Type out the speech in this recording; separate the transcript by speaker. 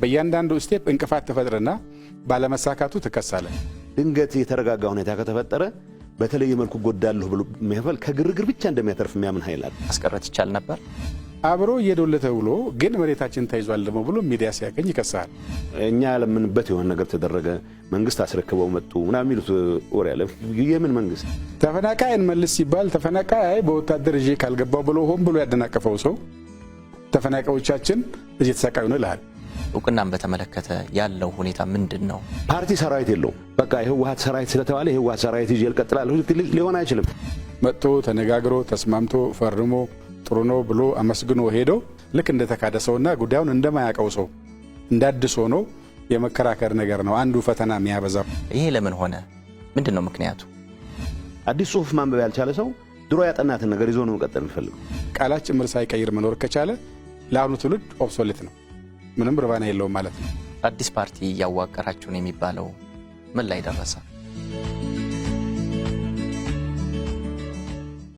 Speaker 1: በእያንዳንዱ ስቴፕ እንቅፋት ትፈጥርና ባለመሳካቱ ትከሳለ።
Speaker 2: ድንገት የተረጋጋ ሁኔታ ከተፈጠረ በተለየ መልኩ ጎዳለሁ ብሎ የሚፈል ከግርግር ብቻ እንደሚያተርፍ የሚያምን ኃይል አለ።
Speaker 3: ይቻል ነበር
Speaker 1: አብሮ እየዶለተ ብሎ ግን መሬታችን ተይዟል ደሞ ብሎ ሚዲያ ሲያገኝ ይከሳል።
Speaker 2: እኛ ያለምንበት የሆነ ነገር ተደረገ፣ መንግስት አስረክበው መጡ ምናምን የሚሉት ወሬ አለ። የምን መንግስት?
Speaker 1: ተፈናቃይ እንመልስ ሲባል ተፈናቃይ በወታደር ይዤ ካልገባው ብሎ ሆን ብሎ ያደናቀፈው ሰው ተፈናቃዮቻችን እየተሰቃዩ ነው ይልሃል።
Speaker 3: እውቅናን በተመለከተ ያለው ሁኔታ ምንድን ነው?
Speaker 2: ፓርቲ ሰራዊት የለው በቃ የህወሀት ሰራዊት ስለተባለ የህወሀት ሰራዊት ይዤ እቀጥላለሁ ሊሆን አይችልም።
Speaker 1: መጥቶ ተነጋግሮ ተስማምቶ ፈርሞ ጥሩ ነው ብሎ አመስግኖ ሄዶ ልክ እንደተካደ ሰውና ጉዳዩን እንደማያውቀው ሰው እንዳድሶ ነው የመከራከር ነገር ነው አንዱ ፈተና የሚያበዛው።
Speaker 3: ይሄ ለምን ሆነ? ምንድን ነው ምክንያቱ?
Speaker 2: አዲስ ጽሁፍ ማንበብ ያልቻለ ሰው ድሮ ያጠናትን ነገር ይዞ ነው መቀጠል የሚፈልገው።
Speaker 1: ቃላት ጭምር ሳይቀይር መኖር ከቻለ ለአሁኑ ትውልድ ኦብሶሌት ነው። ምንም ርባና የለውም ማለት ነው።
Speaker 3: አዲስ ፓርቲ እያዋቀራችሁ ነው የሚባለው ምን ላይ ደረሰ?